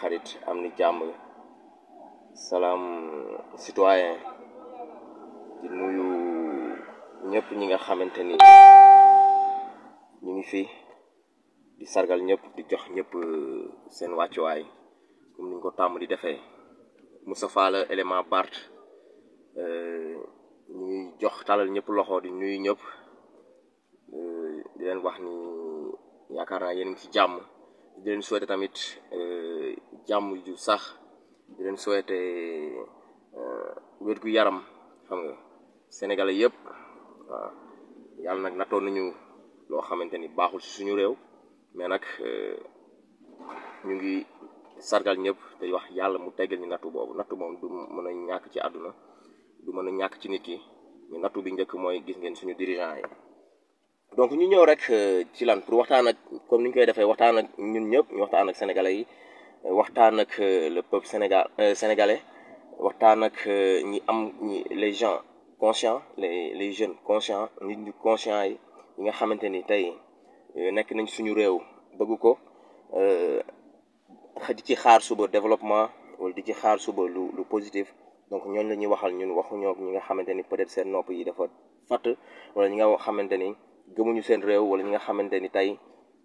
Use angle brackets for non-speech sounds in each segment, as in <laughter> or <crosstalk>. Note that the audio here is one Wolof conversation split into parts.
xarit am ni jàmm salaam citoyen di nuyu ñëpp ñi nga xamante ni ñu ngi fi di sargal ñëpp di jox ñëpp euh, seen wàccuwaay comme ni ko tàmm di defee Moustapha la élément Bart euh, ñu ngi jox talal ñëpp loxo di nuyu ñëpp euh, di leen wax ni yaakaar naa yéen ci jàmm di leen souhaiter tamit jàmm ju sax di leen souhaiter euh, wér gu yaram xam nga sénégalais yëpp waaw yàlla nag nattoon nañu loo xamante ni baaxul si suñu réew mais nag euh, ñu ngi sargal ñëpp tey wax yàlla mu teggal ñu nattu boobu nattu moom du mën a ñàkk ci àdduna du mën a ñàkk ci nit ki mais nattu bi njëkk mooy gis ngeen suñu dirigeant yi donc ñu ñëw rek euh, ci lan pour waxtaan ak comme ni ñu koy defee waxtaan ak ñun ñëpp ñu waxtaan ak sénégalais yi waxtaan ak euh, le peuple sénégal euh, sénégalais waxtaan ak euh, ñi am ñi les gens conscients les les jeunes conscients nit ñu conscients yi yi nga xamante ni tey nekk nañ suñu réew bëgg ko di ci xaar suba développement wala di ci xaar suba lu lu positif donc ñooñu la ñuy waxal ñun waxuñoo ñi nga xamante ni peut-être seen nopp yi dafa fatt wala ñi nga xamante ni gëmuñu seen réew wala ñi nga xamante ni tey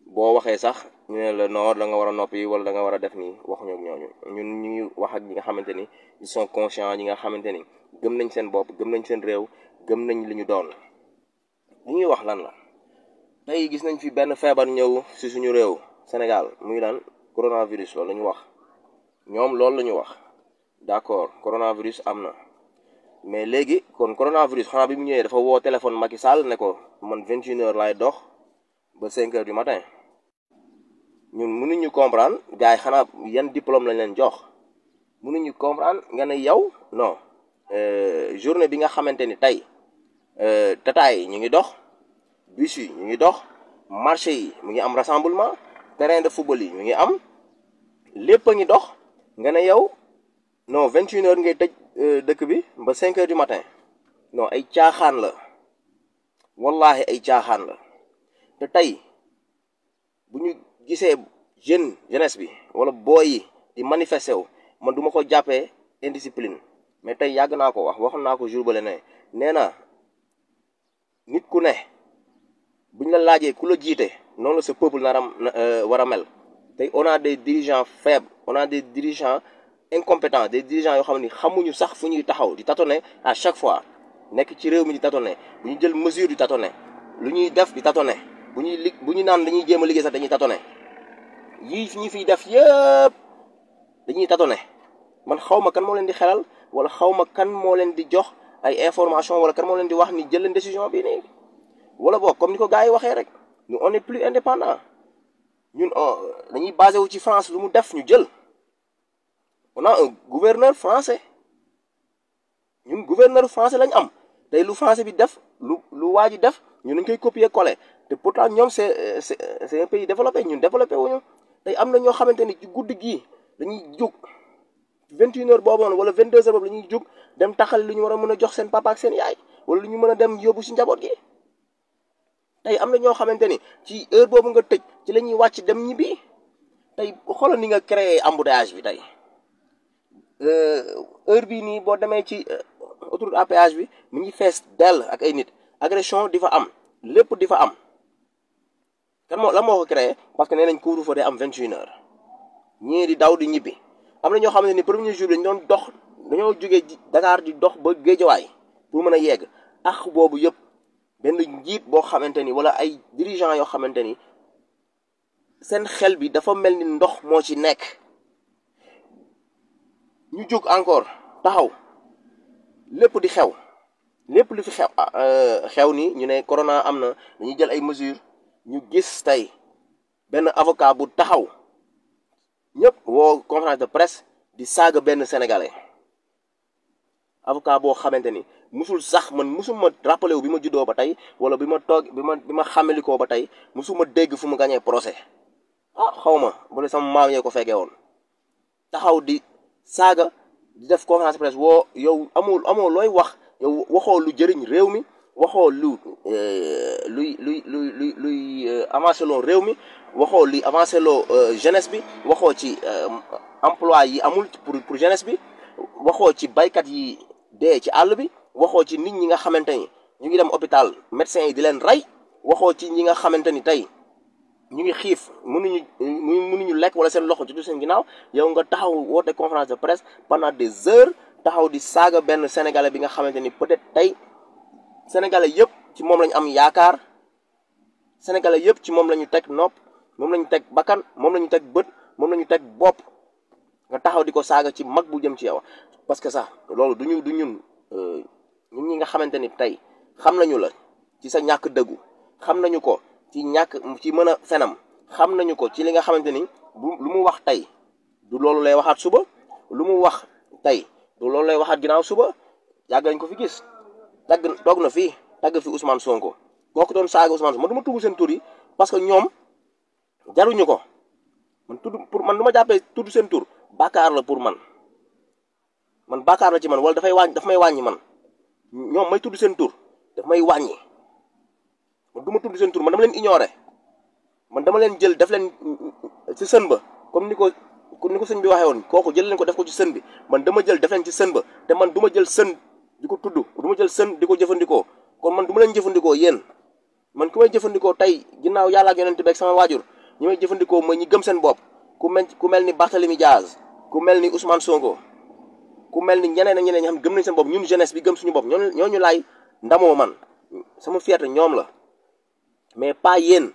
boo waxee sax ñu ne la non da nga war a noppi wala da nga war a def nii waxuñu ñooñu ñun ñu ngi wax ak ñi nga xamante ni son sont conscients ñi nga xamante ni gëm nañ seen bopp gëm nañ seen réew gëm nañ li ñu doon li ñuy wax lan la tey gis nañ fi benn feebar ñëw si suñu réew Sénégal muy lan coronavirus loolu la ñu wax ñoom loolu la ñu wax d'accord coronavirus am na mais léegi kon coronavirus xanaa bi mu ñëwee dafa woo téléphone Macky Sall ne ko man 21 heures laay dox ba 5 heures du ñun mënuñu comprendre gars yi xanaa yan diplôme lañ leen jox mënuñu comprendre nga na yow non euh, journée bi nga xamante ni tey euh, tataay yi ñu ngi dox bus yi ñu ngi dox marché yi mu ngi am rassemblement terrain de football yi ñu ngi am lépp a ngi dox nga ne yow non vingt une heures ngay tëj euh, dëkk bi ba cinq heures du matin non ay caaxaan la wallahi ay caaxaan la te tey bu ñu gisee jeune jeunesse bi wala booy yi di manifester wu man du ma ko jàppee indiscipline mais tey yàgg naa ko wax waxoon naa ko jour ba le nee na nit ku ne buñ la laajee ku la jiite noonu la sa peuple nar a euh, war a mel tey on des dirigeants faibles on a des dirigeants incompétents des dirigeants yoo xam ni xamuñu sax fu ñuy taxaw di tâtonner à chaque fois nekk ci réew mi di tatone bu ñu jël mesure di tâtonner lu ñuy def di tâtonner bu ñuy lig bu ñu naan dañuy jéem a liggéey sax dañuy tâtonner yii ñi fiy def yëpp dañuy tâtonner man xaw ma kan moo leen di xelal wala xaw ma kan moo leen di jox ay information wala kan moo leen di wax ni jël leen décision bi nii wala boog comme ni ko gars yi waxee rek ñu on est plus indépendant ñun dañuy basé wu ci France lu mu def ñu jël on un gouverneur français ñun gouverneur français lañ am tey lu français bi def lu lu waa ji def ñun dañ koy copier coller te pourtant ñoom c'est c'est un pays développé ñun développé wuñu tey am na ñoo xamante ni ci guddi gii dañuy jug vingt une heures boobu noonu wala vingt deux heures boobu la ñuy jóg dem taxal lu ñu war a mën a jox seen papa seen yaay wala lu ñu mën a dem yóbbu si njaboot gi tey am na ñoo xamante ni ci heure boobu nga tëj ci la ñuy wàcc dem ñibbi tey xoolal ni nga créé embouteillage bi tey euh, heure bi nii boo demee ci euh, autoroute à bi mu ngi fees dell ak ay nit agression di fa am lépp di fa am. kan moo lan moo ko créé parce que nee nañ couvre-feu day am vingt et une heures daw di ñibbi am na ñoo xam ne ni premier jour dañu doon dox dañoo jógee Dakar di dox ba Géejawaay pour mën a yegg ak boobu yëpp benn njiit boo xamante ni wala ay dirigeant yoo xamante ni seen xel bi dafa mel ni ndox moo ci nekk ñu jóg encore taxaw lépp di xew lépp lu fi xew ah, euh, xew ni ñu ne corona am na dañuy jël ay mesures ñu gis tey benn avocat bu taxaw ñëpp woo conférence de presse di saaga benn sénégalais avocat boo xamante ni musul sax man musul ma rappelé bi ma juddoo ba tey wala bi ma toog bi ma bi ma xàmmelikoo ba tey musul ma dégg fu mu gañee procès ah xaw ma bale sama maam yee ko fekkee woon taxaw di saaga di def conférence de presse woo yow amul amoo looy wax yow waxoo lu jëriñ réew mi waxoo lu eh, luy luy luy luy luy eh, avancé loo réew mi waxoo luy avancé loo eh, jeunesse bi waxoo ci emploi yi amul pour pour jeunesse bi waxoo ci baykat yi dee ci àll bi waxoo ci nit ñi nga xamante ni ñu ngi dem hôpital médecins yi di leen rey waxoo ci ñi nga xamante ni tey ñu ngi xiif mënuñu mënuñu lekk wala seen loxo ci du seen ginnaaw yow nga taxaw woote conférence de presse pendant des heures taxaw di saaga benn sénégalais bi nga xamante ni peut-être tey sénégalais yëpp ci moom lañu am yaakaar sénégalais yëpp ci moom la ñu teg nopp moom la ñu teg bakkan moom la ñu teg bët moom la ñu teg bopp nga taxaw di ko saaga ci mag bu jëm ci yow parce que sax loolu du ñu du ñun euh, ñun ñi nga xamante ni tey xam nañu la ci sa ñàkk dëggu xam nañu ko ci ñàkk ci mën a fenam xam nañu ko ci li nga xamante ni bu lu mu wax tey du loolu lay waxaat suba lu mu wax tey du loolu lay waxaat ginnaaw suba yàgg nañ ko fi gis dagg toog na fii dagg fi Ousmane Sonko boo ko doon saaga Ousmane Sonko man du ma tudd seen tur yi parce que ñoom jaruñu ko man tudd pour man du ma jàppee tudd seen tuur bàkkaar la pour man man bàkkaar la ci man wala dafay wàññi daf may wàññi man ñoom may tudd seen tuur daf may wàññi man du ma tudd seen tur man dama leen ignoré man dama leen jël def leen ci sën ba comme ni ko ni ko sëñ bi waxee woon kooku jël leen ko def ko ci sën bi man dama jël def leen ci sën ba te man duma jël sën. di ko tudd duma jël sën di ko jëfandikoo kon man du ma leen jëfandikoo yéen man ku may jëfandikoo tey ginnaaw yàlla ak yonent bi ak sama waajur ñi may jëfandikoo mooy ñi gëm seen bopp ku mel ku mel ni Barthélemy Diaz ku mel ni Ousmane Sonko ku mel ni ñeneen ak ñeneen ñi xam gëm nañ seen bopp ñun jeunesse bi gëm suñu bopp ñoo ñu laay ndamoo man sama fierté ñoom la mais pas yéen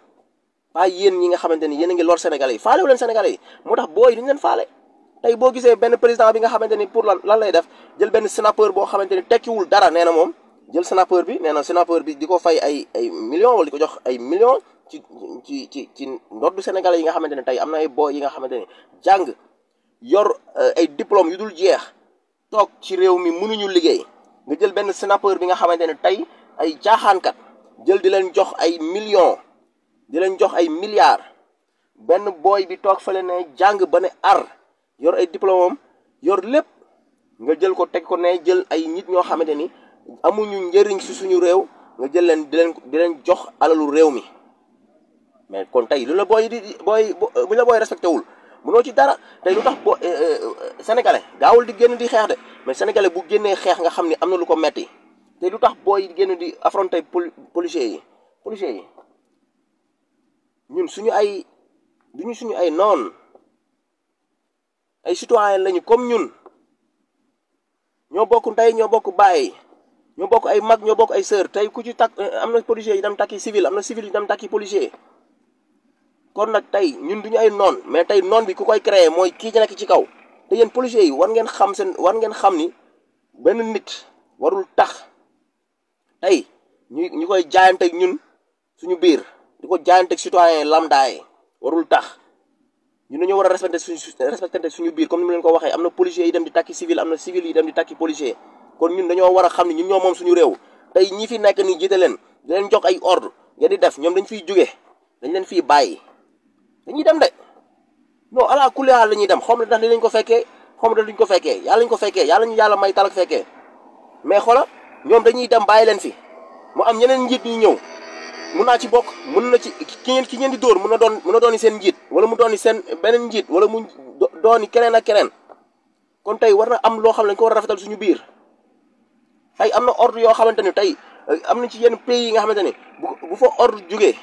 pas yéen ñi nga xamante ni yéen a ngi lool Sénégalais yi faale wu leen Sénégalais yi moo tax booy duñ leen faale tey boo gisee benn président bi nga xamante ni pour lan lan lay def jël benn sénateur boo xamante ni tekkiwul dara nee na moom jël sénateur bi neena na bi di ko fay ay ay millions wala di ko jox ay millions ci ci ci ci ndoddu sénégalais yi nga xamante ne tey am na ay boy yi nga xamante jàng yor eh, ay diplôme yu dul jeex toog ci réew mi mënuñu liggéey nga jël benn sénateur bi nga xamante ne tey ay caaxaankat jël di leen jox ay millions di leen jox ay milliards benn booy bi toog fële ne jàng ba ne ar yor ay diplôme yor lépp nga jël ko teg ko ne jël ay nit ñoo xamante ni amuñu njëriñ si suñu réew nga jël leen di leen jox alalu réew mi mais kon tey lu la booy di booy bu la booy respecté wul mënoo ci dara tey lu tax boo eh, eh, eh, sénégalais gaawul di génn di xeex de mais sénégalais bu génnee xeex nga xam ni am na lu ko metti tey lu tax booy génn di affronter poli policiers yi policiers yi ñun suñu ay duñu suñu ay noon ay citoyen lañu comme ñun ñoo bokk ndey ñoo bokk bàyyi ñoo bokk ay mag ñoo bokk ay sœur tey ku ci takk eh, am na policier yi dem takki civil am na civil yi dem takki policier kon nag tey ñun duñu ay noon mais tey noon bi ku koy créer mooy kii ci nekk ci kaw te yéen policier yi war ngeen xam seen war ngeen xam ni benn nit warul tax tey ñu ñu koy jaayanteeg ñun suñu biir di ko jaayanteeg citoyen lambda warul tax ñun dañoo war a respecté suñu respecté suñu biir comme ni mu leen ko waxee am na policiers yi dem di takki civil am na civil yi dem di takki policier kon ñun dañoo war a xam ne ñun ñoo moom suñu réew tey ñi fi nekk nii jiite leen di leen jox ay ordre ngeen di def ñoom dañ fiy jóge dañ leen fiy bàyyi dañuy dem de non ala kulli la ñuy dem xom la ndax dinañ ko fekkee xom la duñ ko fekkee yàlla ñu ko fekkee yàlla ñu yàlla may talak fekkee mais xoola ñoom dañuy dem bàyyi leen fi mu am ñeneen njiit ñuy ñëw mun naa ci bokk mun na ci ki ngeen ki ngeen di dóor mun na doon mun na dooni seen njiit wala mu dooni seen beneen njiit wala mu dooni keneen ak keneen kon tey war na am loo xam ne dañ ko suñu biir tey am na ordre yoo xamante ni tey eh, am na ci yenn pays yi nga xamante ni bu fa ordre jugee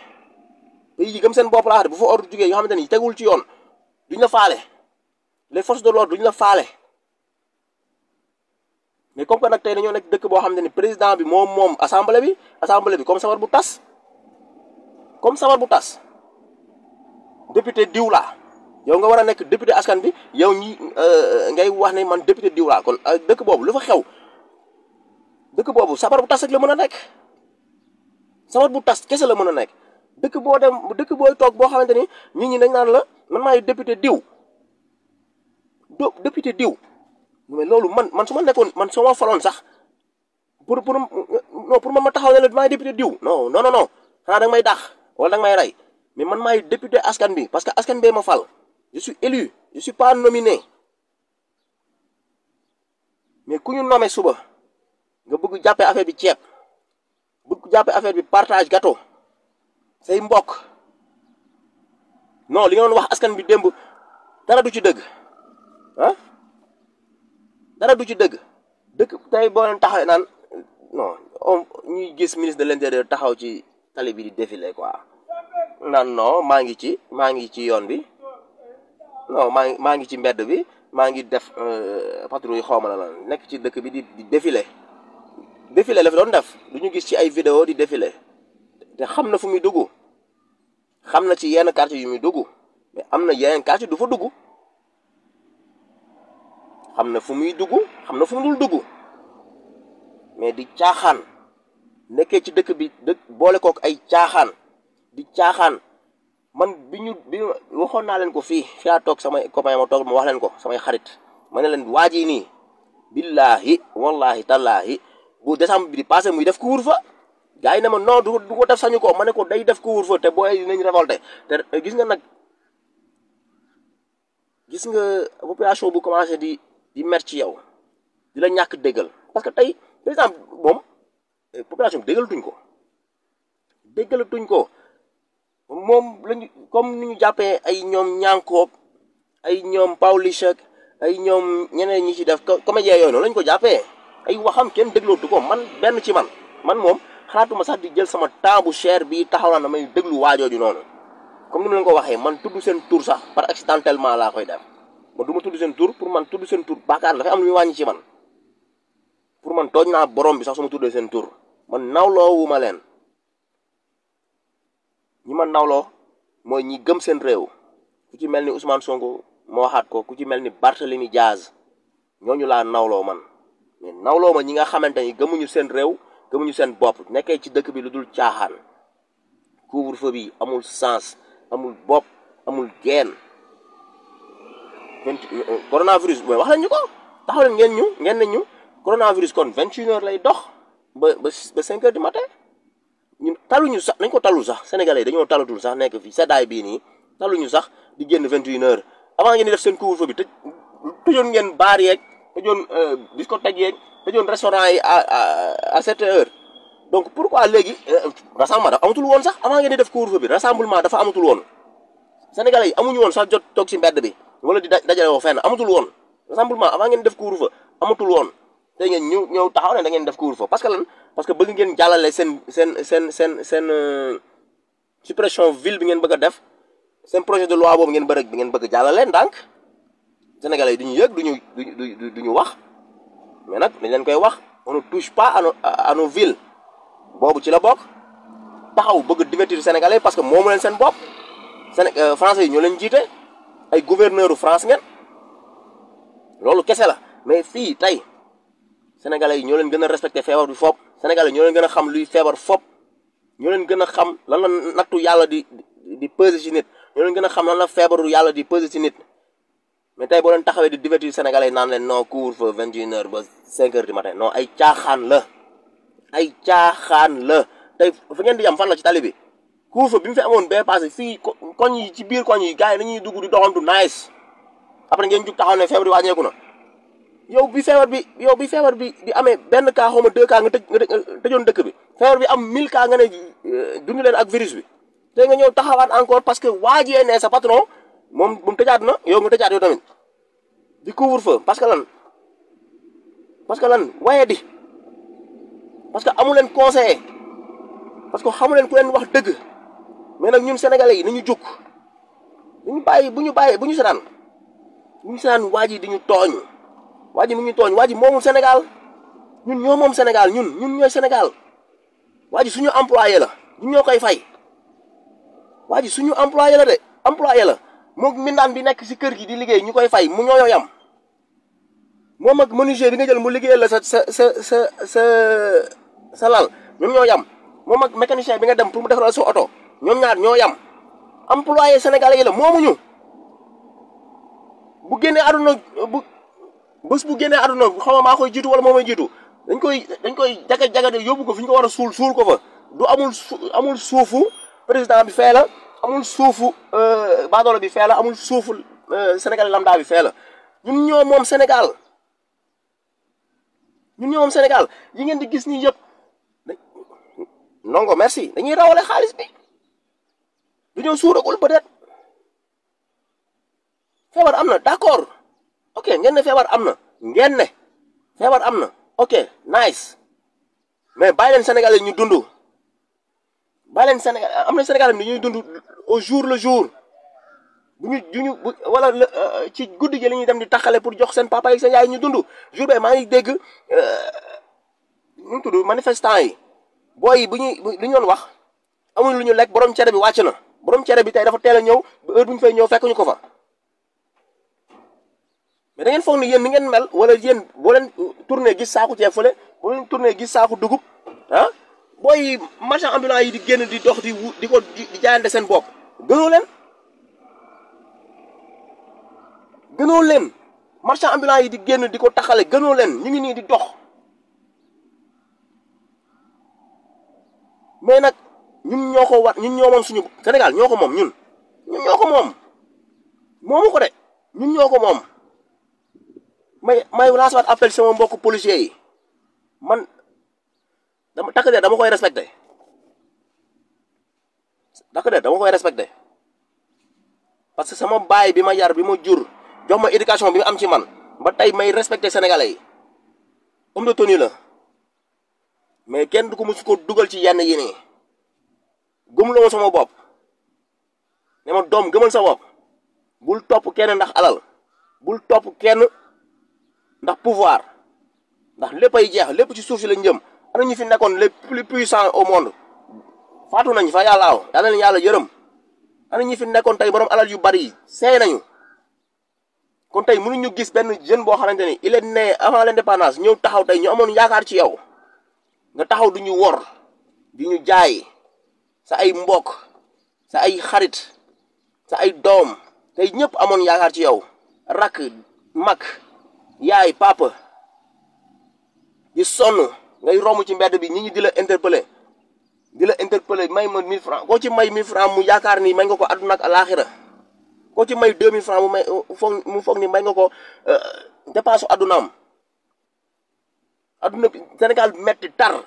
pays yi gëm seen bopp laa bu fa ordre jugee yoo xamante ni tegul ci yoon duñ la faale les forces de l'ordre ñu la faale mais comme que nag tey dañoo nekk dëkk boo xam ne ni président bi moom moom assemblée bi assemblée bi comme sabar bu tas comme sabar bu tas député diw laa yow nga war a nekk député askan bi yow ñi euh, ngay wax ne man député diw laa kon euh, dëkk boobu lu fa xew dëkk boobu sabar bu tas rek la mën a nekk sabar bu tas kese la mën a nekk dëkk boo dem dëkk booy toog boo xamante ni nit ñi dañ naan la man maay député diw do député diw mais loolu man man su ma nekkoon man soo ma faloon sax pour pour non pour ma ma taxaw ne la maay député diw non non non xanaa da may dàq wala da nga may rey mais man maay député askan bi parce que askan bee ma fal je suis élu je suis pas nominé mais ku ñu nommé suba nga bëgg jàppee affaire bi ceeb bëgg jàppee affaire bi partage gato say mbokk non li nga doon wax askan bi démb dara du ci dëgg dara du ci dëgg dëkk tey boo leen taxawee naan non ñuy gis ministre de l'intérieur taxaw ci. tali bi di défilé quoi nan non maa ngi ci maa ngi ci yoon bi non maa ngi maa ngi ci mbedd bi maa ngi def euh, patrouille xaw ma la nekk ci dëkk bi di di défilé défilé la fi doon def du ñu gis ci ay vidéo di défilé te xam na fu muy dugg xam na ci yenn quartier yu muy dugg mais am na yeneen quartier du fa dugg xam na fu muy dugg xam na fu mu dul dugg mais di caaxaan. nekkee ci dëkk bi dëkk boole kook ay caaxaan di caaxaan man bi ñu bi waxoon naa leen ko fii fi laa toog samay copain ma toog ma wax leen ko samay xarit ma ne leen waa ji nii billaahi wallaahi tallaahi bu décembre bi di passé muy def couvre-feu gars yi ne ma non du du ko def sañu ko ma ne ko day def couvre-feu te boo booy dinañ révolté te gis nga nag gis nga population bu commencé di di mer ci yow di la ñàkk déggal parce que tey par exemple moom population bi déggalatuñ ko déggalatuñ ko moom lañu comme ni ñu jàppee ay ñoom ñànkoob ay ñoom Pawlish ak ay ñoom ñeneen ñi ci def comédien yooyu noonu lañ ko jàppee ay waxam kenn déglootu ko man benn ci man man moom xalaatuma sax di jël sama temps bu bi taxaw naa damay déglu waajooju noonu comme ni ko waxee man tudd seen tur sax par accidentellement laa koy def du ma tudd seen tur pour man tudd seen tur am lu muy wàññi ci man pour man tooñ naa borom bi sax su ma seen tur man nawloowu ma leen ñi ma nawloo mooy ñi gëm seen réew ku ci mel ni Ousmane Sonko ma waxaat ko ku ci mel ni ni Barthélemy ñoo ñu laa nawloo man nawloo ma ñi nga xamante ni gëmuñu seen réew gëmuñu seen bopp nekkee ci dëkk bi lu dul caaxaan couvre-feu bi amul sens amul bopp amul geen euh, coronavirus mooy wax leen ñu ko taxaw ngeen ñu ngen ne ñu coronavirus kon vingt et une heures lay dox ba ba ba cinq heures du matin ñun taluñu sax nañ ko talul sax sénégalais yi dañoo talatul sax nekk fii seddaay bii nii taluñu sax di génn vingt une heures avant ngeen def seen couvre-feu bi tëj tëjoon ngeen baar yeeg tëjoon euh, discothèque yeeg tëjoon restaurant yi à à à sept heures donc pourquoi léegi euh, rassemblement dafa amatul woon sax avant ngeen di def couvre-feu bi rassemblement dafa amatul woon sénégalais yi amuñu woon sax jot toog si mbedd bi wala di dajale woo fenn amatul woon rassemblement avant ngeen def couvre-feu amatul woon te ngeen ñu ñëw taxaw ne da ngeen def couvre-feu parce que lan parce que bëgg ngeen jàllale seen seen seen seen seen euh, suppression ville bi ngeen bëgg a def seen projet de loi boobu ngeen bëri bi ngeen bëgg a jàllale ndànk sénégalais yi du ñu yëg du ñu du ñu wax mais nag dañ leen koy wax on ne touche pas à nos à boobu ci la bokk taxaw bëgg divertir sénégalais parce que moomu leen seen bopp Séné euh, yi ñoo leen jiite ay gouverneur France ngeen loolu kese la mais fii tey. sénégalais yi ñoo leen gën a respecté feebar bi foop sénégalais ñoo gën a xam luy feebar foop ñoo leen gën a xam lan la nattu yàlla di di peser ci nit ñoo leen gën a xam lan la feebaru yàlla di peser ci nit mais tey boo leen taxawee di divertir sénégalais yi naan leen non couvre-feu vingt et une ba cinq heures du matin non ay caaxaan la ay caaxaan la tey fi ngeen di am fan la ci tali bi couvre-feu bi mu fi amoon bee passé fii koñ yi ci biir koñ yi gars yi nañuy dugg di doxantu nice après ngeen jug taxaw ne feebar bi wàññeeku na yow bi feebar bi yow bi feebar bi di amee benn cas xaw ma deux cas nga tëj nga tëjoon dëkk bi feebar bi am mille cas nga ne euh, dund leen ak virus bi te nga ñëw taxawaat encore parce que waajee ne sa patron moom moom tëjaat na yow nga tëjaat yow tamit di couvre-feu parce que lan parce que lan waye di parce que amu leen conseiller parce que xamu leen ku leen wax dëgg mais nag ñun sénégalais yi nañu jóg bu ñu bàyyi bu ñu bàyyi bu ñu setaan waaj yi di ñu tooñ. waa ji mu ñu tooñ waa ji moomul ñun ñoo moom Sénégal ñun ñun ñooy Sénégal waa ji suñu employé la ñun ñoo koy fay waa ji suñu employé la de employé la moom mindaan bi nekk si kër gi di liggéey ñu koy fay mu ñoo yam moom ak menuisier mu liggéeyal la sa sa sa sa ñoo yam moom ak mécanicien bi nga dem pour mu defaral sa oto ñoom ñaar ñoo yam employé sénégalais yi la bu. bés bu génnee àdduna xaw ma maa koy jiitu wala moo may jiitu dañ koy dañ koy jaga jaga de yóbbu ko fi ñu ko war a suul suul ko fa du amul su amul suufu président bi la amul suufu euh, baadoola bi fee la amul suufu euh, Sénégal lambda bi fee la ñun ñoo moom Sénégal ñun ñoo Sénégal yi ngeen di gis ñi yëpp nongo mersi dañuy rawale xaalis bi du ñoo suuragul peut-être feebar am na d'accord ok ngeen ne feebar am na ngeen ne feebar am na ok nice mais bàyyi leen Sénégalais ñu dund bàyyi leen Sénégal am na Sénégalais ni ñuy dund au jour le jour bu ñu du ñu wala euh, ci guddi gi la ñuy dem di taxale pour jox seen papa yi seen yaay ñu dund jour bee maa ngi dégg ñu euh, tudd manifestant yi booy bu ñuy lu ñu doon wax amuñ lu ñu lekk borom cere bi wàcc na borom cere bi tey dafa teel a ñëw heure bu ñu fay ñëw fekkuñu ko fa. mais da ngeen foog ni yéen ni ngeen mel wala yéen boo leen tourné gis saako ceeb fële boo leen tourné gis saako dugub ah booy marchand ambulant yi di génn di dox di wu di ko di jaayante seen bopp gënoo leen gënoo leen marchand ambulant yi di génn di ko taxale gënoo leen ñu ngi nii di dox mais nag ñun ñoo ko war ñun ñoo suñu Sénégal ñoo ko moom ñun ñun ñoo ko moom moomu ko de ñun ñoo ko moom may may lancer waat appel sama mbokku policiers yi man dama takk der dama koy respecté takk der dama koy respecté parce que sama baay bi ma yar bi ma jur jox ma éducation bi ma am ci man ba tey may respecté sénégalais yi homme de tenue la mais kenn du ko musu ko dugal ci yenn yi nii gëmuloo ma sama bopp ne ma doom gëmal sa bopp bul topp kenn ndax alal bul topp kenn. ndax pouvoir ndax lépp ay jeex lépp ci suuf si lañ jëm ana ñu fi nekkoon les plus puissants au monde faatu nañ fa yàlla aw yàlla nañ yàlla yërëm ana ñu fi nekkoon tey borom alal yu bari yi nañu kon tey mënuñu gis benn jeune boo xamante ni il est né avant l'indépendance ñëw taxaw tey amoon yaakaar ci yow nga taxaw du ñu wor di ñu jaay sa ay mbokk sa ay xarit sa ay doom tey ñëpp amoon yaakaar ci yow rakk mag yaay papa di sonn ngay romb ci mbedd bi ñi ngi di la interpeller di la interpeller may ma 1000 francs koo ci may 1000 francs mu yaakaar ni may nga ko àdduna ak alaaxira koo ci may 2000 francs mu may foog mu foog ni may nga ko euh, dépasse àddunaam àdduna bi Sénégal metti tar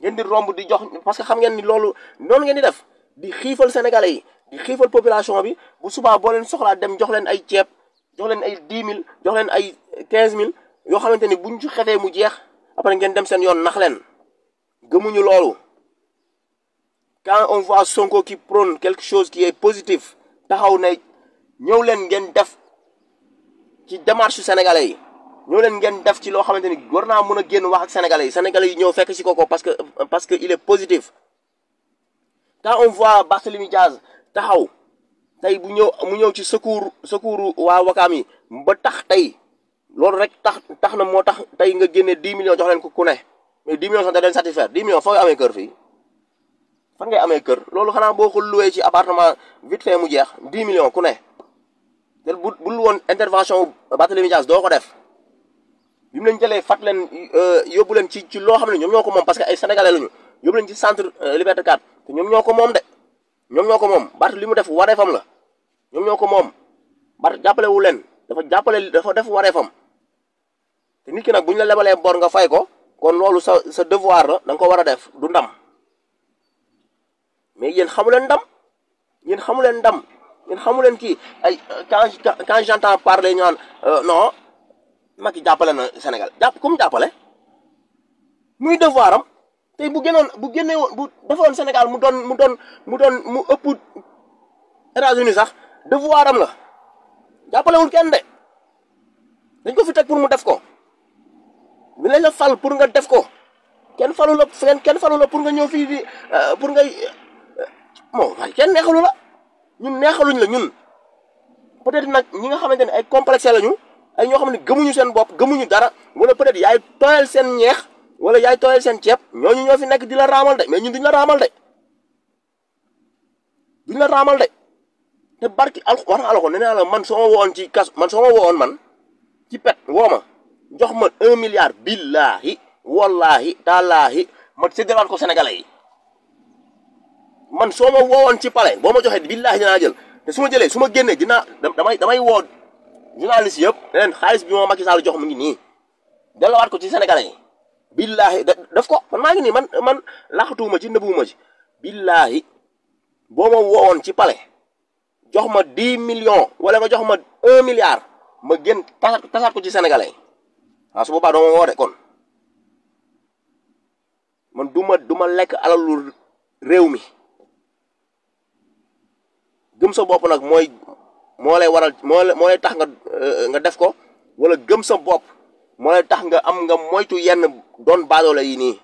ngeen di romb di jox parce que xam ngeen ni loolu noonu ngeen di def di xiifal sénégalais yi di xiifal population bi bu subaa boo leen soxlaa dem jox leen ay ceeb jox leen ay 10 000 jox ay quinze 000 yoo xamante ni buñ ci xefee mu jeex après ngeen dem seen yoon nax leen gëmuñu loolu quand on voit Sonko qui prône quelque chose qui est positif taxaw na ñëw leen ngeen def ci démarche sénégalais yi ñëw leen ngeen def ci loo xamante ni war naa mën a génn wax ak sénégalais yi sénégalais yi ñëw fekk ci koko parce que parce que il est positif quand on voit Barthélémy Diaz taxaw tey bu ñëw mu ñëw ci secours secours waaw wakaam yi ba tax tey loolu rek tax tax na moo tax tey nga génne 10 millions jox leen ko ku ne mais 10 millions sax da leen satisfaire 10 foo amee kër fi fa nga amee kër loolu xanaa boo ko loué ci appartement vite fait mu jeex 10 millions ku ne te bu bul woon intervention Barthélémy Dias doo ko def bi mu leen jëlee fat leen euh, yóbbu leen ci ci loo xam ne ñoom ñoo ko moom parce que ay sénégalais lañu yóbbu ci centre euh, Liberté 4 ñoom ñoo ko moom de ñoom ñoo ko moom Barth li mu def wareefam la. ñoom ñoo ko moom bar jàppale wu leen dafa jàppale dafa def wareefam te nit ki nag bu la lebalee bor nga fay ko kon loolu sa sa devoir la da nga war a def du ndam mais yéen xamu leen ndam yéen xamu leen ndam yéen xamu leen kii ay quand quand j'entends parler ñu naan euh, non Macky jàppale na senegal jàpp comme jàppale muy devoir am tey bu génnoon bu génne woon bu defoon Sénégal mu doon mu doon mu doon mu ëpp États-Unis sax. devoir waaram la jàppalewul kenn de dañ ko fi teg pour mu def ko mi la fal pour nga def ko kenn falu la fenn kenn falu la pour nga ñëw fii di euh, pour nga euh, kenn neexalu la ñun neexaluñ la ñun peut-être nag ñi nga xamante ne ay complexe ñu ay ñoo xam ne gëmuñu seen bopp gëmuñu dara wala peut-être yaay tooyal seen ñeex wala yaay tooyal seen ceeb ñooñu ñoo fi nekk di la raamal de mais ñun duñ la raamal de duñ la raamal de. te barki al wax naa ko nee naa la man soo ma woowoon ci kas man soo ma woowoon man ci pet woo ma jox ma un milliard billaahi wallaahi taalaahi ma séddalaat ko Sénégalais yi man soo ma woowoon ci pale boo ma joxee billaahi dinaa jël te su ma jëlee su ma génnee dinaa damay damay woo journaliste yëpp ne leen xaalis bi ma Macky Sall jox mu ngi nii delluwaat ko ci Sénégalais yi billaahi daf ko man maa ngi nii man man laxatuwuma ci nëbbuwuma ci billaahi boo ma woowoon ci pale jox ma dix millions wala nga jox ma un milliard ma gën tasaat tasaat ko ci sénégalais yi waaw ah, su boobaa doo ma man duma duma lekk alalu réew mi gëm sa bopp nag mooy moo lay waral moo lay tax nga euh, nga def ko walla gëm sa bopp moo lay tax nga am nga moytu yenn doon baadoola yi nii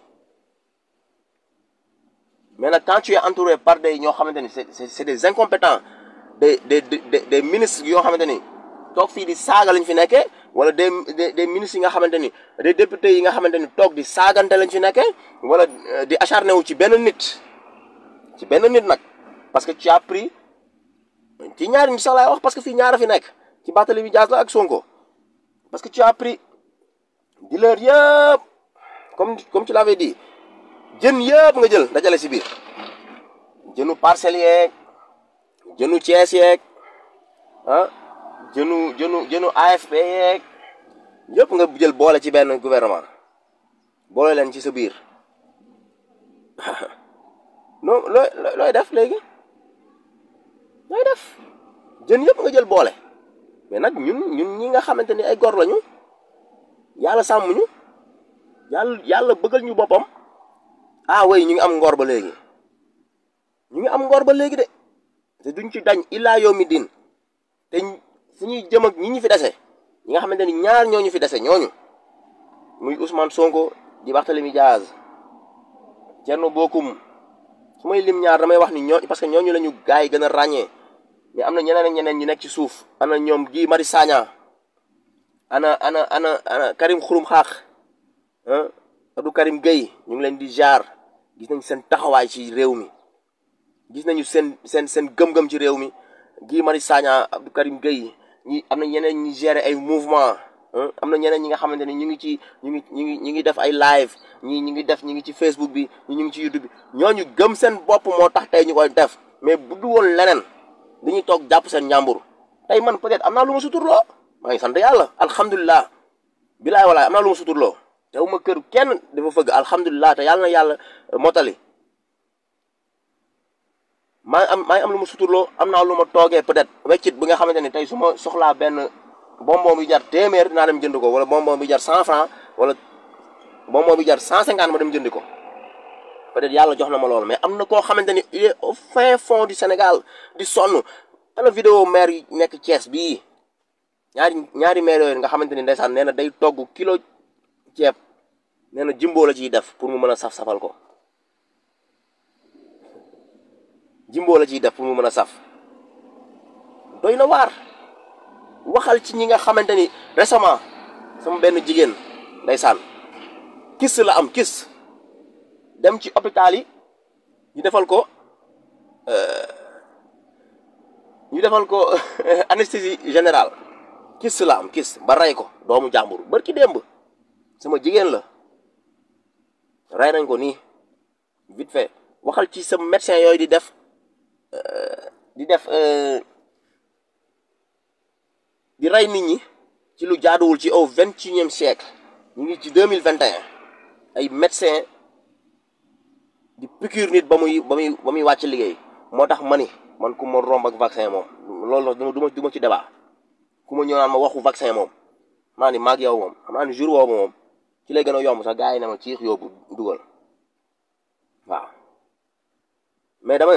mais nag quand tu es entouré par des ñoo xamante ni c'est c'est des incompétents de des des des ministres yoo xamante ni toog fii di saaga lañ fi nekke wala des des ministres yi nga xamante ni des députés yi nga xamante ni toog di saagante lañ fi nekkee wala euh, di acharné wu ci benn nit ci benn nit nag parce que tu as pris ci ñaar nit sax laay wax parce que fii ñaara fi nekk ci Barthélémy Dias la ak Sonko parce que tu as pris dealers yëpp comme comme tu l'avais dit jën yëpp nga jël dajale si biir jënu parcelles yeeg jënu Thiès yeeg ah jënu jënu jënu AFP yeeg ñëpp nga jël boole ci benn gouvernement boole leen ci sa biir <laughs> non looy looy def léegi looy def jën yëpp nga jël boole mais nag ñun ñun ñi nga xamante ni ay gor lañu yàlla sàmm ñu yàlla bëggal ñu boppam ah way ñu ngi am ngor ba léegi ñu ngi am ngor ba léegi de. te duñ ci dañ illaa yawmi diin te fu ñuy jëm ak ñi ñu fi dese ñi nga xamante ni ñaar ñooñu fi dese ñooñu muy Ousmane Sonko di Barthélémy Diaz Thierno Bocoum su may lim ñaar damay wax ni ñoo parce que ñooñu lañu ñu gars yi gën a ràññee mais am na ñeneen ak ñeneen ñu nekk ci suuf. ana ñoom Guy mari saaña ana ana ana ana Karim Xurum Xaax adu ah, Abdou Karim Gueye ñu ngi leen di jaar gis seen taxawaay ci réew mi. gis nañu seen seen seen gëm-gëm ci réew mi Guy Marius Sagna Abdou Karim Gueye ñi am na ñeneen ñi gérer ay mouvement am na ñeneen ñi nga xamante ne ñu ngi ci ñu ngi ñu ngi ñu ngi def ay live ñi ñu ngi def ñu ngi ci Facebook bi ñi ñu ngi ci YouTube bi ñu gëm seen bopp moo tax tey ñu koy def mais bu du woon leneen dañuy toog jàpp seen njàmbur tey man peut-être am naa lu ma suturloo maa ngi sant yàlla alhamdulilah bilaay walaay am naa lu ma suturloo tew ma kër kenn dafa fëgg alhamdulilah te yàlla na yàlla euh, motali maa am maa am lu ma suturloo am naa lu ma toogee peut-être weccit bi nga xamante ne tey su ma soxlaa benn bonbon bi jar téeméer naa dem jënd ko wala bonbon bi jar cent franc wala bonbon bi jar cent cinquante ma dem jëndi ko peut-être yàlla jox na ma lool mais am na koo xamante ni il est fin fond du Sénégal di sonn ana vidéo maire yi nekk Thiès bii ñaari ñaari maire yooyu nga xamante ni ndeysaan nee na day togg kilo ceeb nee na jimbo la ciy def pour mu mën a saf-safal ko jimboo la ciy def pour mu mën a saf doy na waar waxal ci ñi nga xamante ni récemment sama benn jigéen ndeysaan kiss la am kiss dem ci hôpital yi ñu defal ko euh, ñu defal ko <laughs> anesthésie générale kiss la am kiss ba rey ko doomu jàmbur barki démb sama jigéen la rey nañ ko nii vite fait waxal ci sam médecin yooyu di def di def euh, di rey nit ñi ci lu jaaduwul ci au vingt et unième siècle ñu ngi ci deux mille vingt un ay médecin di piqûre nit ba muy ba muy ba muy wàcc liggéey moo tax ma ni man ku ma romb ak vaccin moom loolu la du ma du ma ci débat ku ma ñëw naan ma waxu vaccin moom maa ni maag yow moom xam naa ni jour woowu moom ci lay gën a yomb sax gars yi ne ma ciix yóbbu dugal waaw mais dama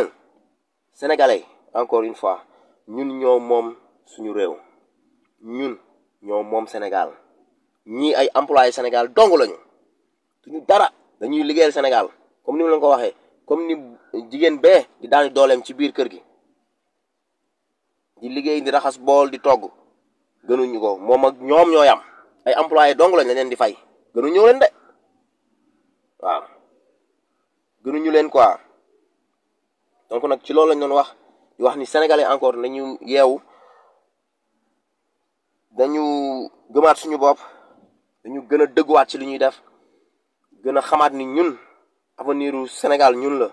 sénégalais encore une fois ñun ñoo moom suñu réew ñun ñoo moom Sénégal ñii ay employé Sénégal dong lañu ñu dara dañuy liggéey Sénégal comme ni mu la ko waxee comme ni jigéen bee di daani dooleem ci biir kër gi di liggéey di raxas bool di togg gënuñu ko moom ak ñoom ñoo am ay employé dong lañ leen di fay gënuñu leen de waaw gënuñu leen quoi. donc nag ci loolu lañ doon wax di wax ni sénégalais encore nañu yeewu dañu gëmaat suñu bopp dañu gën a dëgguwaat ci li ñuy def gën a xamaat ni ñun avenir u Sénégal ñun la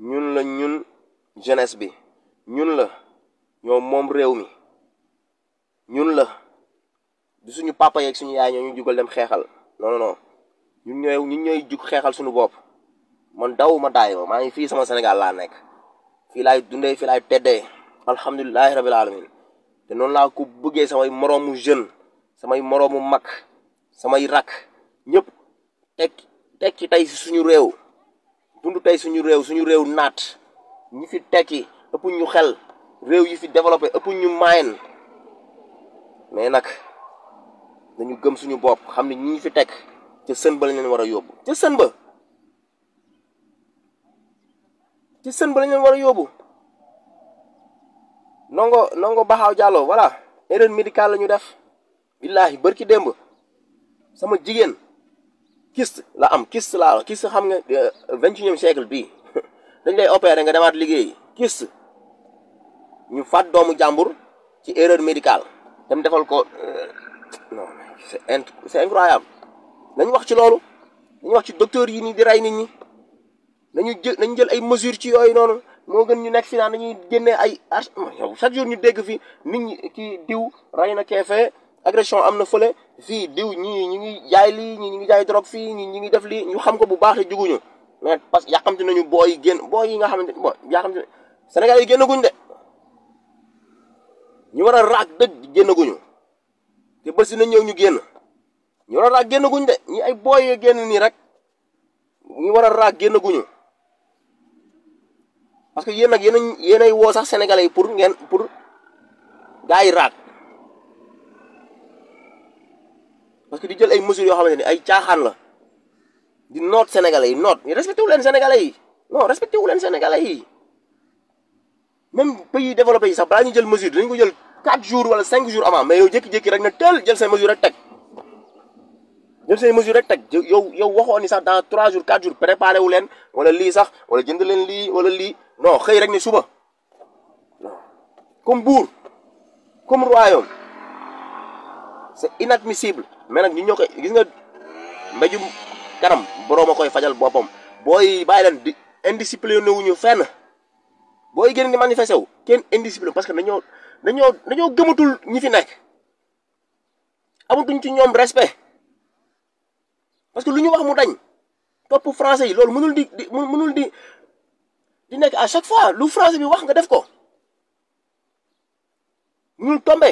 ñun la ñun jeunesse bi ñun la ñoo moom réew mi ñun la du suñu papa yeeg suñu yaay ñoo ñu jugal dem xeexal non non ñun ñooy ñun ñooy jug xeexal suñu bopp man daw ma daay ma maa ngi fii sama Sénégal laa nekk fii dundee fii laay teddee alhamdulilahi rabil alamin te noonu laa ko bëggee samay moroomu jeune samay moroomu mag samay rak ñëpp teg tekki tey si suñu réew dund tey suñu réew suñu réew naat ñu fi tekki ëpp ñu xel réew yi fi développé ëpp ñu maayen mais nag dañu gëm suñu bopp xam ne ñi ñu fi tekk ca sën ba lañ leen war a yóbbu ca sën ba ci sën ba la ñu war a yóbbu nongo nongo baxaw jàlloo voilà erreur médical la ñu def billaahi bërki démb sama jigéen kist la am kyste laa la kyste xam nga euh, vingt et unième siècle bi <laughs> dañ lay opéré nga demaat liggéey kyste ñu faat doomu jàmbur ci erreur médical dem defal ko euh, non c'est incroyable nañ wax ci loolu nañ wax ci docteur yi nii di rey nit ñi nañu jël nañu jël ay mesures ci yooyu noonu moo gën ñu nekk fi naan dañuy génnee ay ar yow chaque jour ñu dégg fi nit ñi kii diw rey na keefee agression am na fële fii diw ñii ñu ngi jaay lii ñii ñu ngi jaay drogue fii ñu ngi def lii ñu xam ko bu baax te juguñu mais parce que yàqamti nañu booy yi génn booy yi nga xamante senegal yàqamti génn yi génnaguñ de ñu war a raag dëgg génnaguñu te bés dina ñu génn ñu génnaguñ de ñi ay booy yi génn nii rek ñu war a raag génnaguñu parce que yéen nag yéen a woo sax sénégalais yi pour ngeen pour gars yi raag parce que di jël ay mesures yoo xamante ni ay caaxaan la di noot sénégalais yi noot ñu respecté leen sénégalais yi non respecté wu yi même pays développé yi sax balaa ñu jël mesure dinañ ko jël 4 jours wala 5 jours avant mais yow jékki-jékki rek na teel jël say mesure rek teg. jël say mesure rek teg yow yow waxoon ni sax dans trois jours quatre jours préparé wu leen wala lii sax wala jënd leen lii wala lii non xëy rek ni suba non comme buur comme royaume c'est inadmissible mais nag ñu ñoo koy gis nga mbéjum kanam boroom a koy fajal boppam booy bàyyi leen di indiscipliné wuñu fenn booy génn di manifesté wu kenn indiscipliné parce que dañoo dañoo dañoo gëmatul ñi fi nekk amatuñ ci ñoom respect parce que lu ñu wax mu dañ topp français yi loolu mënul di di mënul di di nekk à chaque fois lu français bi wax nga def ko mënul tombe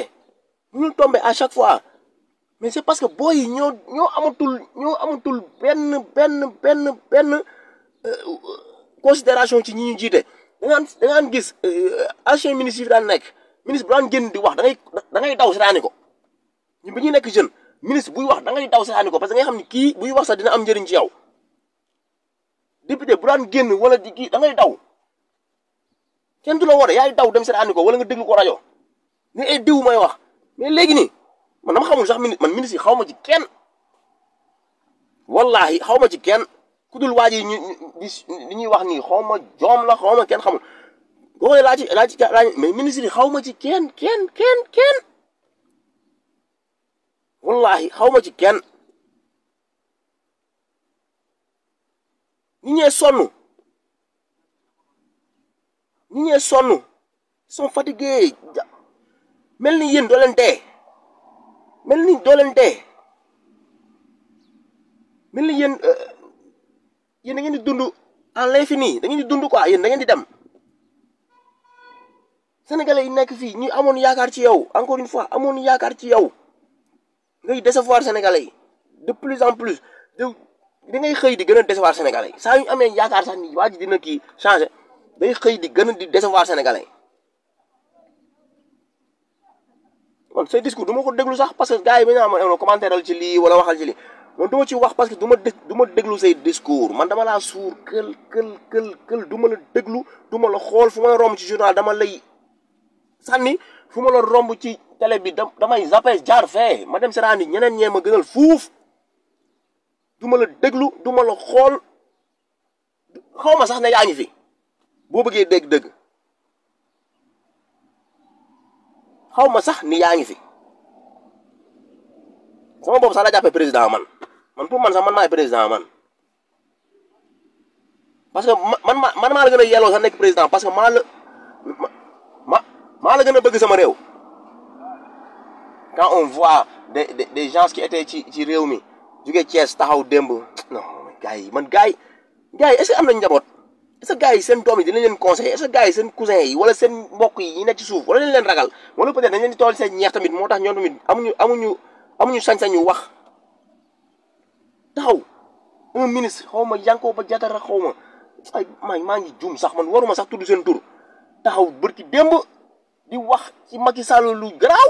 mënul tombe à chaque fois mais c'est parce que booy ñoo ñoo amatul ñoo amatul benn benn benn benn euh, considération ci ñi ñu jiite da ngaan da ngaan gis euh, ancien ministre yi nekk ministre bu daan génn di wax da da ngay daw si ko ñu bi ñuy nekk jeune ministre buy wax da ngay daw seetaani ko parce que nga xam ni kii buy wax sax dina am njëriñ ci yow député bu daan génn wala di kii da ngay daw kenn du la woote yaay daw dem seetaani ko wala nga déglu ko rajo ni ay eh, diw may wax mais léegi nii man dama xamul sax ministre man ministre xaw ma ci kenn wallahi xaw ma ci kenn ku dul waaj yi ñu li ñuy wax nii xaw ma joom la xaw ma kenn xamul boo xoolee laa ci laa ci mais ministre yi xaw ma ci kenn kenn kenn kenn. wallaahi xaw ma ci kenn ñi ñee sonn ñi ñee sonn sont fatigués mel ni yéen doo leen dee mel ni doo leen dee mel ni yéen euh, yéen da ngeen di dund en l'infini da ngeen ko dund quoi yéen da di dem sénégalais yi nekk fii ñi amoon yaakaar ci yow encore une fois amoon yaakaar ci yow ngay décevoir sénégalais yi de plus en plus de da ngay xëy di gën a décevoir sénégalais yi saa yu amee yaakaar sax ni waa ji dina kii changé day xëy di gën a di décevoir sénégalais yi man say discours du ma ko déglu sax parce que gars yi ba ñu naan commentaire ci lii wala waxal ci lii man du ci wax parce que du ma dé ma déglu say discours man dama laa suur kël kël kël kël du ma la déglu du ma la xool fu ma la romb ci journal dama lay. sànni fu ma la romb ci télé bi damay zappé jaar fee ma dem seetaan yi ñeneen ñee ma gënal fuuf du ma la déglu du ma la xool xaw ma sax ne yaa ngi fi boo bëggee dégg-dégg xaw ma sax ni yaa ngi fi sama bopp sax la jàppee président man man pour man sax man maay président man parce que man man maa la gën a yelloo sax nekk président parce que maa la. maa la gën a bëgg sama réew quand on voit de de des gens qui étaient ci ci réew mi jugee Thiès taxaw démb non gars yi man gars yi gars yi est-ce que am na njaboot est-ce que gars yi seen doom yi dinañ leen conseil est-ce que gars yi seen cousin yi wala seen mbokk yi ñi nekk ci suuf wala dañ leen ragal wala peut-être dañ leen di tool seen ñeex tamit moo tax ñoom tamit amuñu amuñu amuñu sañ-sañu wax taxaw un ministre xaw ma Yankhoba Diattara xaw ma maa maa ngi juum sax man waruma sax tudd seen tur taxaw bërki démb di wax ci Macky Sall lu garaaw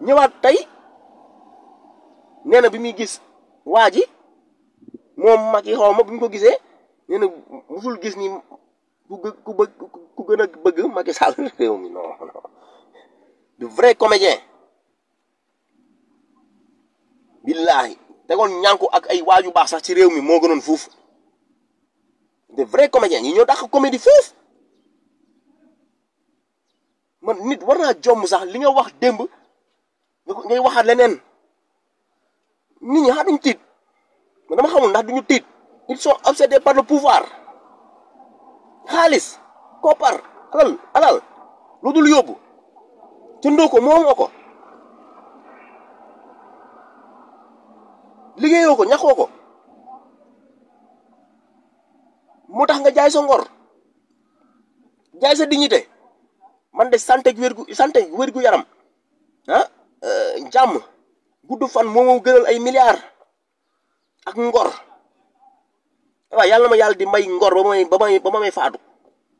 ñëwaat tey nee bi muy gis waaji moom Macky xaw ma bi mu ko gisee nee musul gis ni ku ku bëgg ku gën a bëgg Macky Sall <laughs> réew mi non non de vrai comédien billaahi tegoon ñànku ak ay waaju baax sax ci réew mi moo gënoon fuuf de vrai comédien ñi ñoo dàq comédie fuuf man nit war naa jomm sax li nga wax démb ngay waxaat leneen nit ñi xaa duñ tiit man dama xamul ndax duñu tiit ils sont obsédés par le pouvoir xaalis koppar alal alal lu dul yóbbu jëndoo ko moomoo ko liggéeyoo ko ñaxoo ko moo tax nga jaay sa ngor jaay sa dignité man de santé ak wérgu santé wérgu yaram ah euh, jàmm gudd fan moo ma gënal ay milliards ak ngor waaw yàlla ma yàlla di may ngor ba may ba may ba may faatu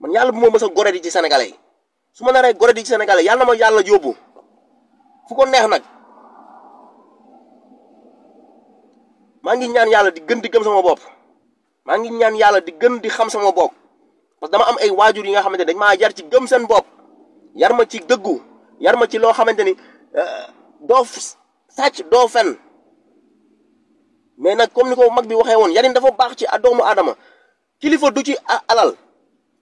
man yàlla bu ma mës a gore di ci sénégalais su ma naree gore di ci sénégalais yàlla ma yàlla yóbbu fu ko neex nag maa ngi ñaan yàlla di gën di gëm sama bopp maa ngi ñaan yàlla di gën di xam sama bopp parce que dama am ay waajur yi nga xamante ne dañ maa yar ci gëm seen bopp. yar ma ci dëggu yar ma ci loo xamante ni euh, doo sàcc fen mais nag comme ni ko mag bi waxee woon yarin dafa baax ci doomu aadama kilifa du ci alal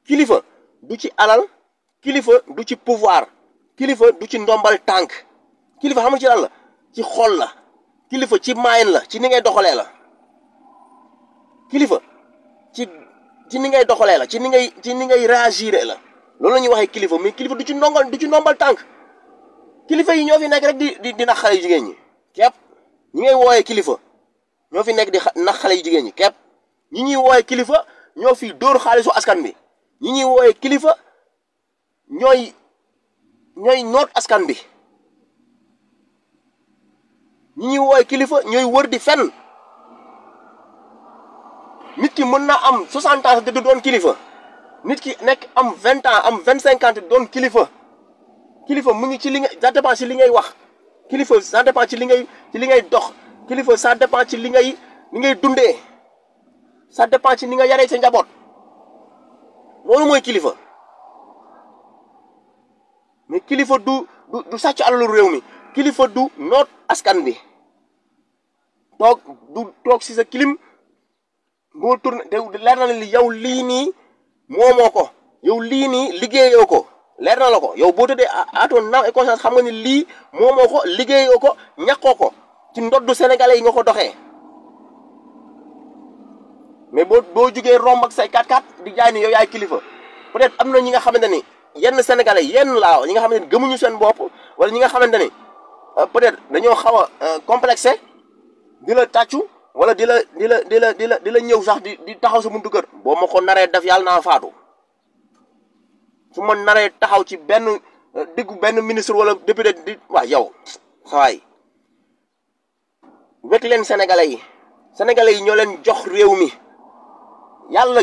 kilifa du ci alal kilifa du ci pouvoir kilifa du ci ndombal tànk kilifa xamul ci lan la ci xool la kilifa ci maayin la ci ni ngay doxalee la kilifa ci ci ni ngay doxalee la ci ni ngay ci ni ngay réagir la loolu la ñuy waxee kilifa mais kilifa du ci ndongal du ci ndombal tànk kilifa yi ñoo fi nekk rek di di di nax xale jigéen ñi képp ñi ngay wooyee kilifa ñoo fi nekk di nax xale yu jigéen ñi képp ñi ñuy wooyee kilifa ñoo fi dóor xaalisu askan bi ñi ñuy kilifa ñooy ñooy noot askan bi ñi ñuy wooyee kilifa ñooy wër di fenn nit ki mën naa am 60 ans te du doon kilifa. nit ki nekk am vingt ans am vingt cinq ans doon kilifa kilifa mu ngi ci li nga ça dépend ci li ngay wax kilifa ça dépend ci li ngay ci li ngay dox kilifa ça dépend ci li ngay li ngay dundee ça dépend ci nga yaree sa njaboot loolu kilifa mais kilifa du du du sàcc réew mi kilifa du noot askan bi toog du toog ci sa kilim boo tourné te leer li yow lii nii. moomoo ko yow lii nii liggéeyoo ko leer na la ko yow boo tëddee à ton âme et xam nga ni lii moo ko liggéeyoo ko ñàqoo ko ci ndoddu sénégalais yi nga ko doxee mais boo boo jugee romb ak say 4 x di jaay ni yow yaay kilifa peut-être am na ñi nga xamante ni yenn sénégalais yenn laa ñi nga xamante ni gëmuñu seen bopp wala ñi nga xamante ni euh, peut-être dañoo xaw a euh, complexé di la tàccu. wala di la di la di la di la di la ñëw sax di di taxaw sa buntu kër boo ma ko naree def yàlla naa faatu su ma naree taxaw ci benn eh, diggu benn ministre walla député di waaw yow sawaay wekk leen sénégalais yi sénégalais yi ñoo leen jox réew mi yàlla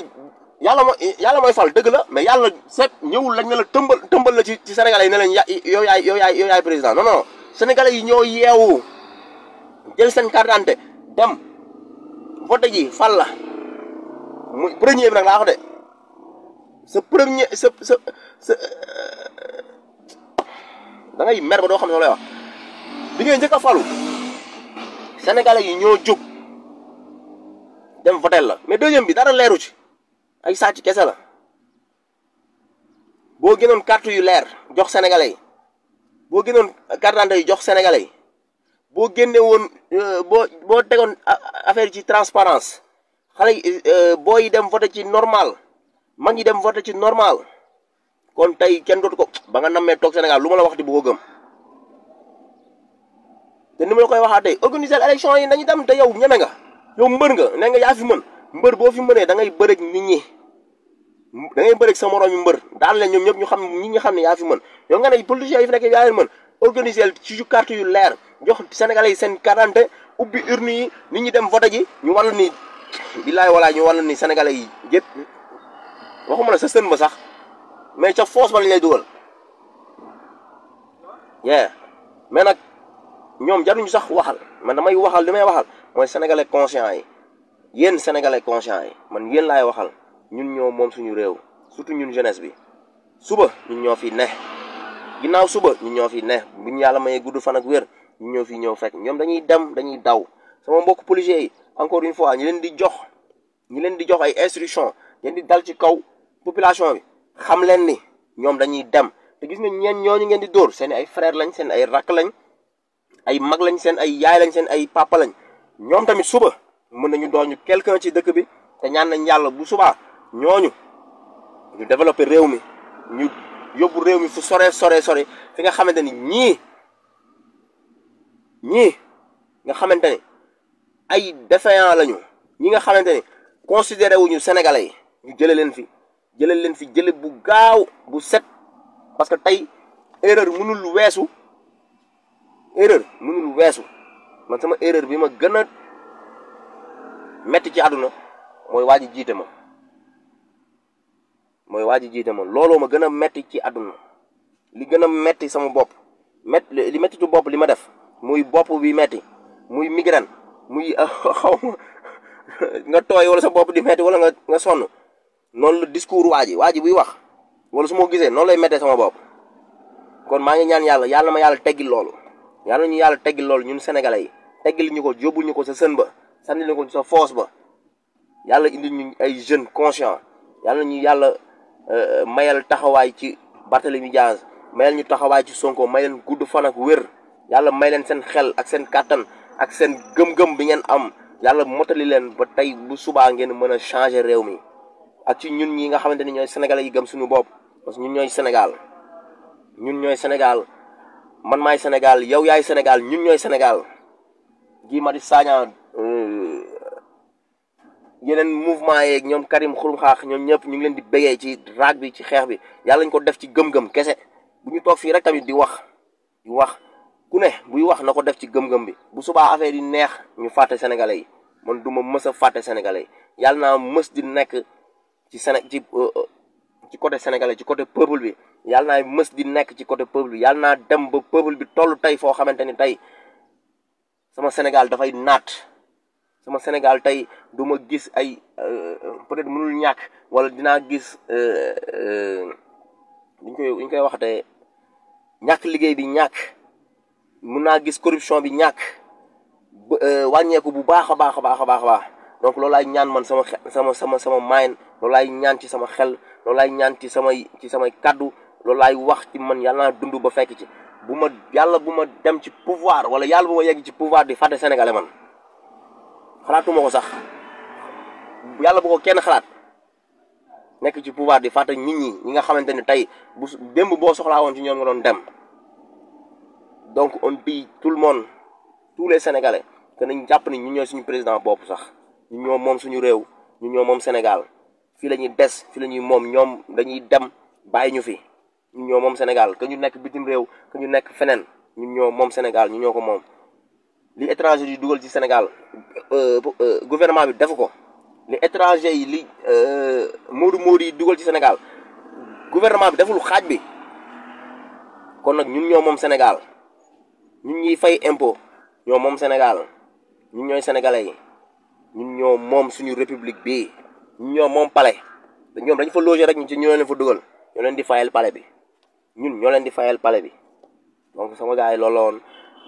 yàlla mooy yàlla mooy fal dëgg la mais yàlla seet ñëwul lañ ne la tëmbal tëmbal la ci ci sénégalais yi ne leen yow yaay yow yaay yow yaay président non non yi ñoo yeewu jël seen carte dem vote ji fal la muy premier bi nag laa ko euh, mer ba doo xam ne lay bi ngay njëkk a falu sénégalais yi ñoo jóg dem votel la mais deuxième bi dara leeru ci ay sàcc kese la boo gënoon carte yu leer jox sénégalais yi boo gënoon carte d'identité yu jox sénégalais yi boo génne woon euh, boo boo tegoon affaire ci transparence xale yi euh, boo yi dem voté ci normal mag ñi dem voté ci normal kon tey kenn dootu ko ba nga nammee toog Sénégal lu ma la wax di bu ko gëm te ni ma la koy waxaatee organiser élection yi dañu dem te yow ñeme nga yow mbër nga ne nga yaa fi mën mbër boo fi mënee da ngay bëreeg nit ñi da ngay bëreeg sa morom yu mbër daan la ñoom ñëpp ñu xam nit ñi xam ne yaa fi mën yow nga ne politiciens yi fi nekk yaa leen mën organiser ci carte yu leer. jox sénégalais yi seen quarante ubbi urne yi nit ñi dem vote ji ñu wàllu ni billaay walaay ñu wàllu ni sénégalais yi yëpp waxuma la sa sën ba sax mais ca force ba lañ lay dugal yeah mais nag ñoom jaruñ sax waxal man damay waxal li may waxal mooy sénégalais conscient yi yéen sénégalais conscient yi man yéen laay waxal ñun ñoo moom suñu réew surtout ñun jeunesse bi suba ñu ñoo fi ne ginnaaw suba ñu ñoo fi ne buñu yàlla mayee gudd fan ak wér ñu fi fii ñëw fekk ñoom dañuy dem dañuy daw sama mbokk policiers yi encore une fois ñu leen di jox ñi leen di jox ay instructions ngeen di dal ci kaw population bi xam leen ni ñoom dañuy dem te gis nga ñeen ñooñu ngeen di dóor seen ay frère lañ seen ay rakk lañ ay mag lañ seen ay yaay lañ seen ay papa lañ ñoom tamit suba mën nañu doon ñu quelqu'un ci dëkk bi te ñaan nañ yàlla bu subaa ñooñu ñu développer réew mi ñu yóbbu réew mi fu sore sore sore fi nga xamante ni ñii ñii nga xamante ne ay défaillant lañu ñi nga xamante ne considéré wuñu sénégalais yi ñu jëlee leen fi jëlee leen fi jëlee bu gaaw bu set parce que tey erreur mënul weesu erreur mënul weesu man sama erreur bi ma gën a metti ci àdduna mooy waaju jiite ma mooy waa ji jiite ma looloo ma gën a metti ci àdduna li gën a metti sama bopp metti li metti bopp li ma def muy bopp bi metti muy migraine muy ah, <laughs> xaw ma nga tooy wala sa bopp di metti wala nga nga sonn noonu la discours waa waaj waa ji wax wala su ma gisee noonu lay mettee sama bopp kon maa ngi ñaan yàlla yàlla ma yàlla teggil loolu yàlla ñu yàlla teggil loolu ñun sénégalais yi teggil ñu ko yóbbul ñu ko sa sën ba sànni ñu ko sa foos ba yàlla indi ay jeunes conscients yàlla ñu yàlla euh, mayal taxawaay ci Barthélemy Diaz mayal ñu taxawaay ci Sonko mayal gudd fan ak wér yàlla may leen seen xel ak seen kàttan ak seen gëm-gëm bi ngeen am yàlla motali leen ba tey bu subaa ngeen mën a changer réew mi ak ci ñun ñi nga xamante ni ñooy sénégalais yi gëm suñu bopp parce que ñun ñooy senegal ñun ñooy Sénégal man maay Sénégal yow yaay Sénégal ñun ñooy Sénégal Guy Marius Sagna euh, yeneen mouvement yeeg ñoom Karim Xurum Xaax ñoom ñëpp ñu ngi leen di bégee ci raag bi ci xeex bi yàlla ñu ko def ci gëm-gëm kese bu ñu toog fii rek tamit di wax di wax. ku ne buy wax na ko def ci gëm-gëm bi bu subaa affaire yi neex ñu fàtte sénégalais yi man du ma mës a fàtte sénégalais yi yàlla naa mës di nekk ci Séné ci euh, euh, ci côté sénégalais ci côté peuple bi yàlla naa mës di nekk ci côté peuple bi naa dem ba peuple bi tollu tey foo xamante ni tey sama Sénégal dafay naat sama Sénégal tey duma gis ay euh, peut-être mënul ñàkk wala dinaa gis duñ koy duñ koy waxatee ñàkk liggéey bi ñàkk. mun naa gis corruption bi ñàkk euh, wàññeeku bu baax a baax a baax a baax a baax donc loolaay ñaan man sama sama sama sama maayen loolaay ñaan ci sama xel loolaay ñaan ci samay ci samay kaddu loolaay wax ci man yàlla naa dund ba fekk ci bu ma yàlla bu ma dem ci pouvoir wala yàlla bu yegg ci pouvoir di fàtte sénégalais man xalaatuma ko sax yàlla bu kenn xalaat nekk ci pouvoir di fàtte nit ñi ñi nga xamante ne tey bu démb boo soxlaa woon ci ñoom nga doon dem donc on dit tout le monde tous les sénégalais que nañ jàpp ni ñu ñooy suñu président bopp sax ñu ñoo moom suñu réew ñu ñoo moom Sénégal fii la ñuy des fii la ñuy moom ñoom dañuy dem bàyyi ñu fi ñu ñoo moom Sénégal que ñu nekk bitim réew que ñu nekk feneen ñu ñoo moom Sénégal ñu ñoo ko moom. li étranger yi dugal ci Sénégal euh, euh, gouvernement bi defu ko li étranger yi li euh, moodu moodu yi dugal ci Sénégal gouvernement bi deful xaaj bi kon nag ñun ñoo moom Sénégal. ñun ñuy fay impôt ñoo moom Sénégal ñun ñooy sénégalais yi ñun ñoo moom suñu république bi ñun ñoo moom pale dañoom dañ fa loger rek ñu ci ñoo leen dugal ñoo leen di fayal pale bi ñun ñoo leen di fayal pale bi donc sama gaa yi loolu la woon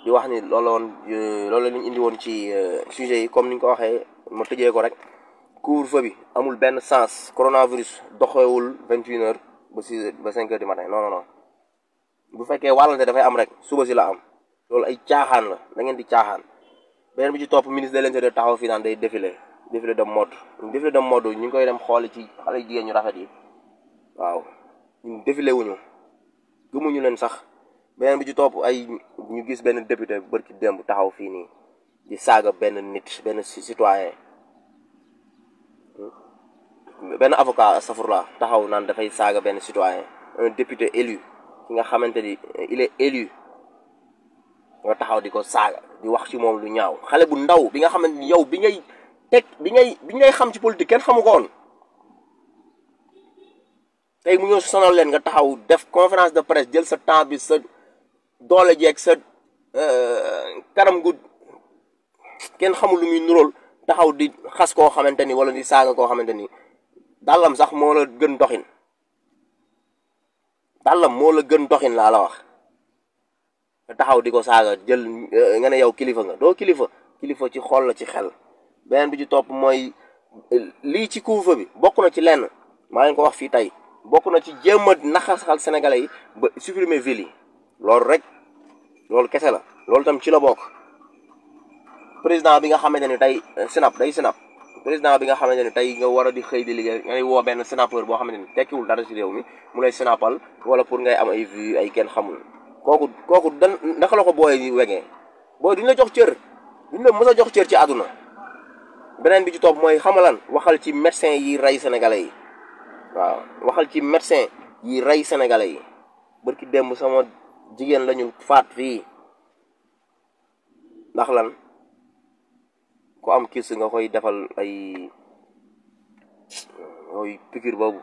di wax ni loolu la euh, loolu la ñu indi woon ci euh, sujet yi comme ni ñu ko waxee ma tëjee ko rek couvre-feu bi amul benn sens coronavirus doxewul vingt ba six heures ba cinq heures du matin non non bu fekkee wàllante dafay am rek suba si la am. loolu ay caaxaan la da ngeen di caaxaan beneen bi ci topp ministre de l'intérieur taxaw fii naan day défilé défilé de mode défilé de mode ñu ngi koy dem xooli ci xale jigéen ñu rafet yi waaw ñun défilé wuñu gëmuñu leen sax beneen bi ci topp ay ñu gis benn député bërki démb taxaw fii nii di saaga benn nit benn citoyen benn avocat safurla taxaw naan dafay saaga benn citoyen un député élu ki nga xamante ni élu nga taxaw di ko saaga di wax ci moom lu ñaaw xale bu ndaw bi nga xamante ni yow bi ngay teg bi ngay bi ngay xam ci politique kenn xamu ko woon tey mu ñëw sonal leen nga taxaw def conférence de presse jël sa temps bi sa doole jeeg sa euh, karam gu kenn xamu lu muy nuróol taxaw di xas koo xamante ni wala di saaga koo xamante ni dàllam sax moo la gën doxin dàllam moo la gën doxin laa la wax taxaw di ko saaga jël euh, nga ne yow kilifa nga doo kilifa kilifa ci xool la ci xel beneen bi ci topp mooy lii ci couvre bi bokk na ci lenn maa ngi ko wax fii tey bokk na ci jéem a naxasxal sénégalais yi ba supprimer ville loolu rek loolu kese la loolu tam ci la bokk président bi nga xamante ni tey euh, sinap day sinap président bi nga xamante ni tey nga war a di xëy di liggéey ngay woo benn sénateur boo xamante ni tekkiwul dara ci réew mi mu lay sinapal wala pour ngay am ay kenn xamul kooku kooku dan naka la ko booyee wegee booy duñ la jox cër duñ la mës a jox cër ci àdduna beneen bi ci topp mooy xamalan waxal ci médecin yi ray sénégalais yi waaw waxal ci médecin yi ray sénégalais yi bërki démb sama jigéen lañu faat fii ndax lan ku am kiis nga koy defal ay yooyu piqûre boobu